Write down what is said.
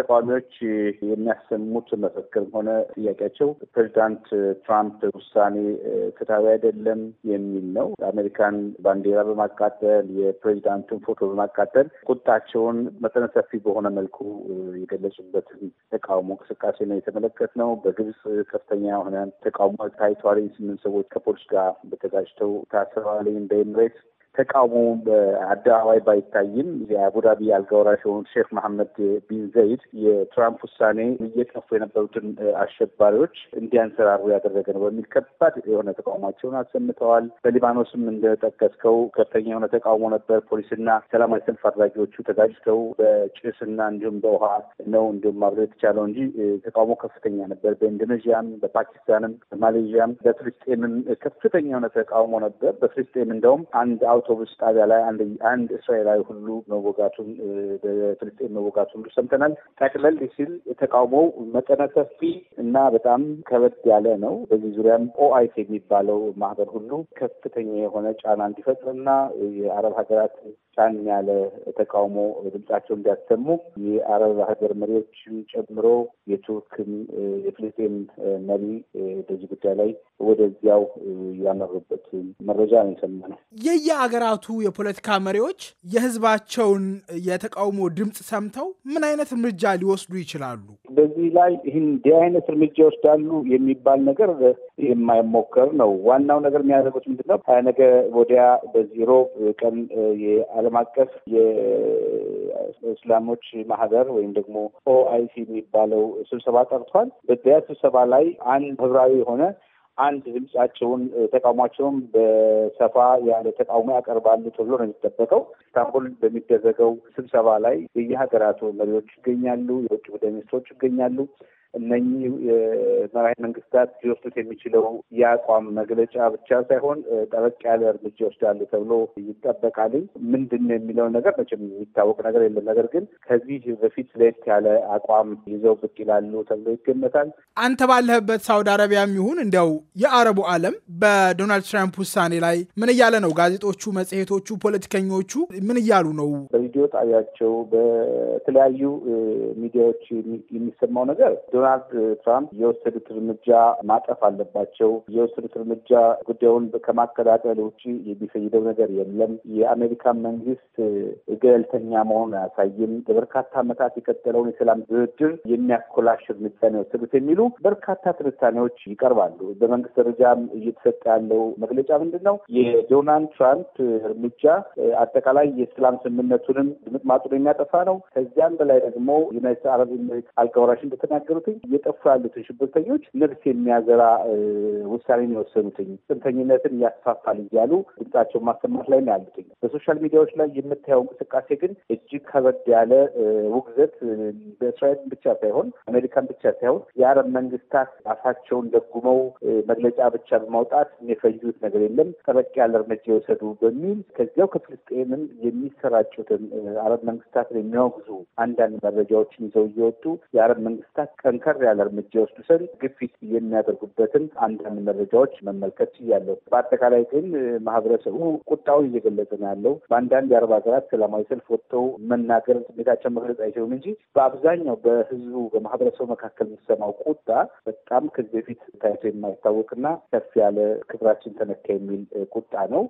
ተቃዋሚዎች የሚያሰሙት መፈክርም ሆነ ጥያቄያቸው ፕሬዚዳንት ትራምፕ ውሳኔ ፍትሐዊ አይደለም የሚል ነው። የአሜሪካን ባንዲራ በማቃጠል የፕሬዚዳንቱን ፎቶ በማቃጠል ቁጣቸውን መጠነ ሰፊ በሆነ መልኩ የገለጹበትን ተቃውሞ እንቅስቃሴ ነው የተመለከትነው። በግብጽ ከፍተኛ የሆነ ተቃውሞ ታይቷል። ስምንት ሰዎች ከፖሊስ ጋር በተጋጭተው ታስረዋል። በኤምሬት ተቃውሞ በአደባባይ ባይታይም የአቡዳቢ አልጋወራሽ የሆኑት ሼክ መሐመድ ቢን ዘይድ የትራምፕ ውሳኔ እየጠፉ የነበሩትን አሸባሪዎች እንዲያንሰራሩ ያደረገ ነው በሚል ከባድ የሆነ ተቃውሟቸውን አሰምተዋል። በሊባኖስም እንደጠቀስከው ከፍተኛ የሆነ ተቃውሞ ነበር። ፖሊስና ሰላማዊ ሰልፍ አድራጊዎቹ ተጋጭተው በጭስና እንዲሁም በውሃ ነው እንዲሁም ማብረር የተቻለው እንጂ ተቃውሞ ከፍተኛ ነበር። በኢንዶኔዥያም፣ በፓኪስታንም፣ በማሌዥያም፣ በፍልስጤምም ከፍተኛ የሆነ ተቃውሞ ነበር። በፍልስጤም እንደውም አንድ አውቶ አውቶቡስ ጣቢያ ላይ አንድ እስራኤላዊ ሁሉ መወጋቱን በፍልስጤን መወጋቱ ሁሉ ሰምተናል። ጠቅለል ሲል የተቃውሞው መጠነ ሰፊ እና በጣም ከበድ ያለ ነው። በዚህ ዙሪያም ኦአይት የሚባለው ማህበር ሁሉ ከፍተኛ የሆነ ጫና እንዲፈጥርና የአረብ ሀገራት ጫን ያለ ተቃውሞ ድምጻቸው እንዲያሰሙ የአረብ ሀገር መሪዎችን ጨምሮ የቱርክም የፍልስጤም መሪ በዚህ ጉዳይ ላይ ወደዚያው ያመሩበት መረጃ ነው የሰማነው። የየአገራቱ የፖለቲካ መሪዎች የህዝባቸውን የተቃውሞ ድምፅ ሰምተው ምን አይነት እርምጃ ሊወስዱ ይችላሉ? በዚህ ላይ ይህ እንዲህ አይነት እርምጃ ይወስዳሉ የሚባል ነገር የማይሞከር ነው። ዋናው ነገር የሚያደርጉት ምንድነው? ነው? ነገ ወዲያ በዚህ ሮብ ቀን የዓለም አቀፍ የእስላሞች ማህበር ወይም ደግሞ ኦአይሲ የሚባለው ስብሰባ ጠርቷል። በዚያ ስብሰባ ላይ አንድ ህብራዊ የሆነ አንድ ድምጻቸውን ተቃውሟቸውን በሰፋ ያለ ተቃውሞ ያቀርባሉ ተብሎ ነው የሚጠበቀው። ኢስታንቡል በሚደረገው ስብሰባ ላይ የየሀገራቱ መሪዎች ይገኛሉ፣ የውጭ ጉዳይ ሚኒስትሮች ይገኛሉ። እነኚህ መራሄ መንግስታት ሊወስዱት የሚችለው የአቋም መግለጫ ብቻ ሳይሆን ጠበቅ ያለ እርምጃ ይወስዳሉ ተብሎ ይጠበቃል። ምንድን የሚለውን የሚለው ነገር መቼም የሚታወቅ ነገር የለም። ነገር ግን ከዚህ በፊት ለየት ያለ አቋም ይዘው ብቅ ይላሉ ተብሎ ይገመታል። አንተ ባለህበት ሳውዲ አረቢያም ይሁን እንዲያው የአረቡ ዓለም በዶናልድ ትራምፕ ውሳኔ ላይ ምን እያለ ነው? ጋዜጦቹ፣ መጽሔቶቹ፣ ፖለቲከኞቹ ምን እያሉ ነው? በሬዲዮ ጣቢያቸው፣ በተለያዩ ሚዲያዎች የሚሰማው ነገር ዶናልድ ትራምፕ የወሰዱት እርምጃ ማጠፍ አለባቸው። የወሰዱት እርምጃ ጉዳዩን ከማቀጣጠል ውጭ የሚፈይደው ነገር የለም። የአሜሪካን መንግስት ገለልተኛ መሆኑን አያሳይም። በበርካታ ዓመታት የቀጠለውን የሰላም ድርድር የሚያኮላሽ እርምጃ ነው የወሰዱት የሚሉ በርካታ ትንታኔዎች ይቀርባሉ። በመንግስት ደረጃም እየተሰጠ ያለው መግለጫ ምንድን ነው? የዶናልድ ትራምፕ እርምጃ አጠቃላይ የሰላም ስምምነቱንም ድምጥማጡን የሚያጠፋ ነው። ከዚያም በላይ ደግሞ ዩናይትድ አረብ ኤሚሬት አልጋወራሽ እንደተናገሩት ያሉትኝ እየጠፉ ያሉትን ሽብርተኞች ነፍስ የሚያዘራ ውሳኔ የወሰኑትኝ። ጽንፈኝነትን ያስፋፋል እያሉ ድምጻቸውን ማሰማት ላይ ነው ያሉትኝ። በሶሻል ሚዲያዎች ላይ የምታየው እንቅስቃሴ ግን እጅግ ከበድ ያለ ውግዘት በእስራኤል ብቻ ሳይሆን አሜሪካን ብቻ ሳይሆን የአረብ መንግስታት ራሳቸውን ደጉመው መግለጫ ብቻ በማውጣት የሚፈዩት ነገር የለም ጠበቅ ያለ እርምጃ የወሰዱ በሚል ከዚያው ከፍልስጤምን የሚሰራጩትን አረብ መንግስታትን የሚያወግዙ አንዳንድ መረጃዎችን ይዘው እየወጡ የአረብ መንግስታት ቀን ጠንከር ያለ እርምጃ የወስዱ ስል ግፊት የሚያደርጉበትን አንዳንድ መረጃዎች መመልከት ችያለሁ። በአጠቃላይ ግን ማህበረሰቡ ቁጣውን እየገለጸ ነው ያለው። በአንዳንድ የአረብ ሀገራት ሰላማዊ ሰልፍ ወጥተው መናገር ስሜታቸውን መግለጽ አይችሉም እንጂ በአብዛኛው በህዝቡ በማህበረሰቡ መካከል የሚሰማው ቁጣ በጣም ከዚህ በፊት ታይቶ የማይታወቅና ከፍ ያለ ክብራችን ተነካ የሚል ቁጣ ነው።